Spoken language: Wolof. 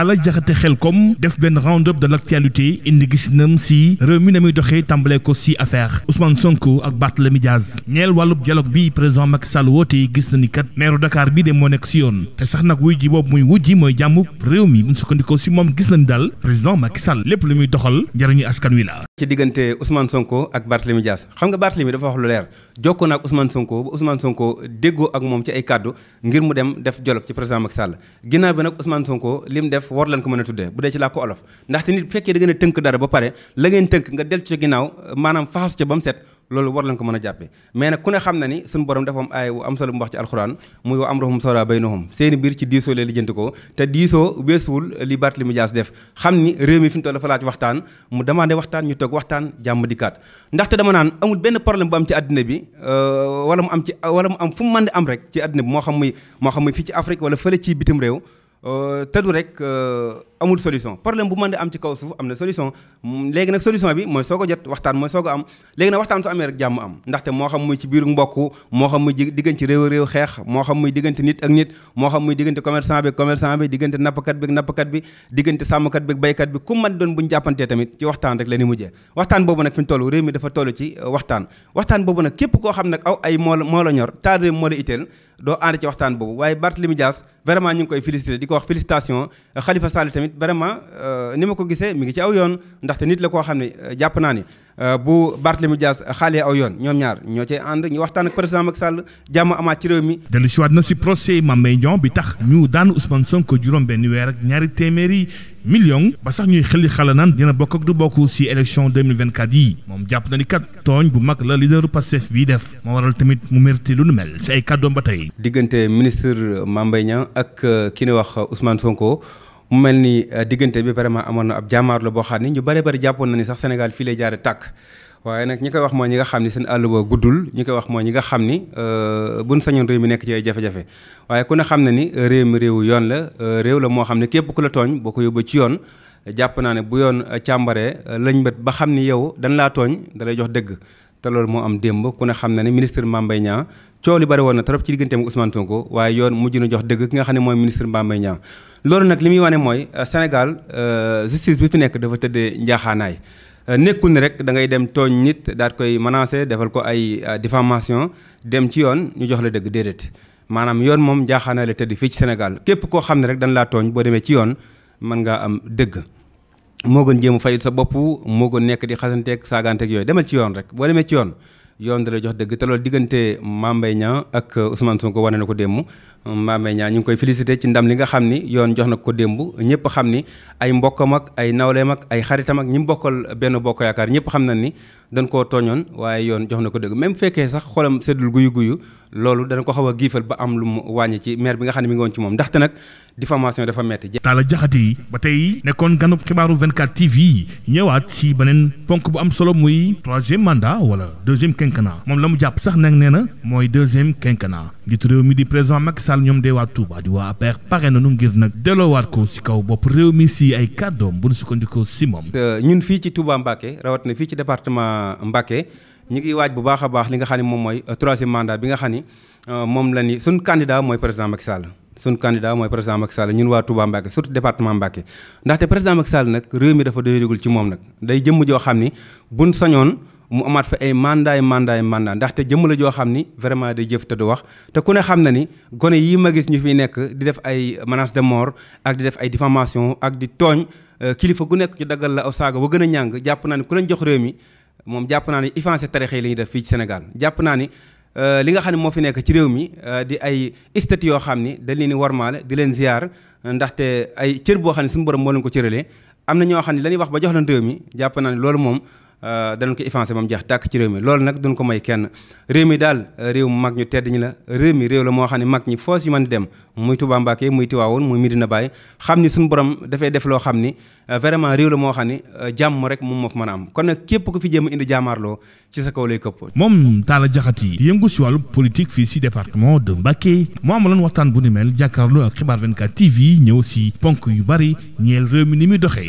Talla Diakhaté Xelkom def benn round-up de l'actualité indi gis nam si réew mi na muy doxee tàmbale si affaire Ousmane Sonko ak Barthélémy Dias ñeel wàllub dialogue bi président Macky Sall woote gis na ni kat maire Dakar bi de moo nekk si yoon te sax nag wuy ji boobu muy wujji mooy jàmm réew mi buñ sukkandikoo si moom gis nañu daal président Macky Sall lépp lu muy doxal njëriñu askan wi la ci diggante Ousmane Sonko ak Barthélémy Dias xam nga Barthélémy dafa wax lu leer jokkoo na ak Ousmane Sonko ba Ousmane Sonko déggoo ak moom ci ay kàddu ngir mu dem def dialogue ci président Macky Sall def war leen ko mën a tuddee bu dee ci làkku olof ndaxte nit bu fekkee da ngeen a tënk dara ba pare la ngeen tënk nga del ci ginnaaw maanaam faxas ca ba mu set loolu war leen ko mën a jàppe mais nag ku ne xam na ni suñu borom dafa am ay wu am solo mu wax ci alxuraan muy wa amruhum sawra baynahum seeni mbir ci diisoo lee lijjanti ko te diisoo weesuwul li Barthélémy Dias def xam ni réew mi fi mu toll dafa waxtaan mu demandé waxtaan ñu toog waxtaan jàmm dikkaat ndaxte dama naan amul benn problème bu am ci àddina bi euh, wala mu am ci wala mu am fu mu mën di am rek ci àddina bi moo xam muy moo xam muy fii ci Afrique wala fële ci bitim réew Euh, te du rek euh, amul solution problème bu mën di am ci kaw suuf am na solution léegi nag solution bi mooy soo ko jot waxtaan mooy soo ko am léegi nag waxtaan su amee rek jàmm am ndaxte moo xam muy ci biiru mbokk moo xam muy diggante réew réew xeex moo xam muy diggante nit ak nit moo xam muy diggante commerçant bi commerçant bi diggante nappkat bi nappkat bi diggante sàmmkat bi baykat bi ku mën doon bu jàppantee tamit ci waxtaan rek la ni mujjee waxtaan boobu nag fi ñu toll réew euh, waxtaan waxtaan boobu nag képp koo xam nag aw moo la ñor taal réew doo ànd ci waxtaan boobu waaye Barthélemy Dias vraiment ñu ngi koy félicité di ko wax félicitation Khalifa Sall tamit vraiment euh, ni ma ko gisee mi ngi ci aw yoon ndaxte nit la koo xam ne euh, jàpp naa ni Euh, bu Barthélemy Dias xaale yoon ñoom ñaar ñoo cay ànd ñu waxtaan ak président Macky Sall jàmm amaa ci réew mi. dellu si waat na si procès Mame Mbaye bi tax ñu daan Ousmane Sonko juróom benni weer ak ñaari téeméeri million ba sax ñuy xëli xala naan dina bokk ak du bokk si élection 2024 yi moom jàpp na ni kat tooñ bu mag la leaderu Pastef bii def moo waral tamit mu mérité lu nu mel si ay kàddoom ba tey. diggante ministre Mame Mbaye ak ki ñuy wax Ousmane Sonko. mu mel ni euh, diggante bi vraiment amoon na ab la boo xam ne ñu bare bari jàppoon na ni sax Sénégal fii lay jaare tàkk waaye nag ñi koy wax mooy ñi nga xam ni seen àll ba guddul ñi koy wax mooy ñi nga xam ni euh, buñ sañoon réew mi nekk ci ay jafe-jafe waaye ku ne xam na ni euh, réew mi réewu yoon la réew la moo xam ne képp ku la tooñ boo ko yóbboo ci yoon jàpp naa ne bu yoon càmbaree lañ bët ba xam ni yow dañ laa tooñ dalay jox dëgg te loolu moo am démb ku ne xam na ne ministre Mame Mbaye Niang coow li na trop ci digganteem ak Ousmane Sonko waaye yoon mujj na jox dëgg ki nga xam ne mooy ministre Mame Mbaye Niang loolu nag li muy wane mooy euh, Sénégal euh, justice bi fi nekk dafa tëddee njaaxaanaay euh, nekkul ni rek da ngay dem tooñ nit daal koy menacer defal ko ay diffamation dem ci yoon ñu jox la dëgg déedéet maanaam yoon moom njaaxaanaay la tëdd fii ci Sénégal képp koo xam ne rek dañ laa tooñ boo demee ci yoon mën ngaa am dëgg moo gën jéem sa bopp moo nekk di xasanteeg saagaanteeg yooyu demal ci yoon rek boo demee ci yoon yoon da lay jox dëgg te loolu diggante Mame Mbaye ak uh, Ousmane Sonko wane na ko démb Mame Mbaye ñu ngi koy félicité ci ndam li nga xam ni yoon jox na ko démb ñëpp xam ni ay mbokkam ak ay nawleem ak ay xaritam ak ñi mu bokkal benn bokk yaakaar ñëpp xam na ni dañ koo tooñoon waaye yoon jox na ko dëgg même fekkee sax xolam seddul guyu guyu loolu dana ko xaw a giifal ba am lu mu wàññi ci maire bi nga xam ne mi ngi ci moom ndaxte nag diffamation dafa metti Talla Diakhaté yi ba tey nekkoon ganub xibaaru 24 TV ñëwaat ci beneen ponk bu am solo muy troisième mandat wala deuxième quinquennat moom la mu jàpp sax nag nee na mooy deuxième quinquennat njiitu réew mi di président Macky Sall ñoom dee waa Touba di waa APR pare nañu ngir nag delloowaat ko ci kaw bopp réew mi ci ay kàddoom bu ñu sukkandikoo ci moom euh, ñun fii ci Touba Mbacké rawat na fii ci département Mbacké ñu ngi waaj bu baax a baax li nga xam ne moom mooy euh, troisième mandat bi nga xam ni euh, moom la ni suñu candidat mooy président Macky Sall suñu candidat mooy président Macky Sall ñun waa Touba Mbacké surtout département Mbacké ndaxte président Macky Sall nag réew mi dafa doyagul ci moom nag day jëmm joo xam ni buñ sañoon mu amaat fa ay mandaay yi mandat ndaxte jëmm la joo xam ni vraiment day jëf te du wax te ku ne xam na ni gone yii ma gis ñu fi nekk di def ay menace de ak di def ay diffamation ak di tooñ euh, kilifa gu nekk ñu daggal la aw saaga ba gën a ñàng jàpp naa ne ku leen jox réew mi moom jàpp naa ni effacé tarixe yi la ñuy def fii ci Sénégal jàpp naa ni euh, li nga xam ne moo fi nekk ci réew mi euh, di ay statues yoo xam ni dañ leen di warmaale di leen ziar ndaxte ay cër boo xam ne suñu borom moo leen ko cëralee am na ñoo xam ne la ñuy wax ba jox leen réew mi jàpp naa ni loolu moom Euh, danañ ko effacé moom jeex tàkk ci réew mi loolu nag duñ ko may kenn réew mi daal réew mu mag ñu tedd ñi la réew mi réew la moo xam ne mag ñi foos yi mën dem muy Touba Mbacké muy Tiwaawoon muy na Baye xam ni suñu borom dafay def loo xam ni euh, vraiment réew la moo xam ni euh, jàmm rek moom moo fa mën a am kon nag képp ku fi jéem a indi jaamaarloo ci sa kaw lay këpp moom Talla Diakhaté yëngu si wàllu politique fii si département de Mbacké moo amaloon waxtaan bu ni mel jàkkaarloo ak Xibaar 24 TV ñëw si ponk yu bari ñeel réew mi muy doxee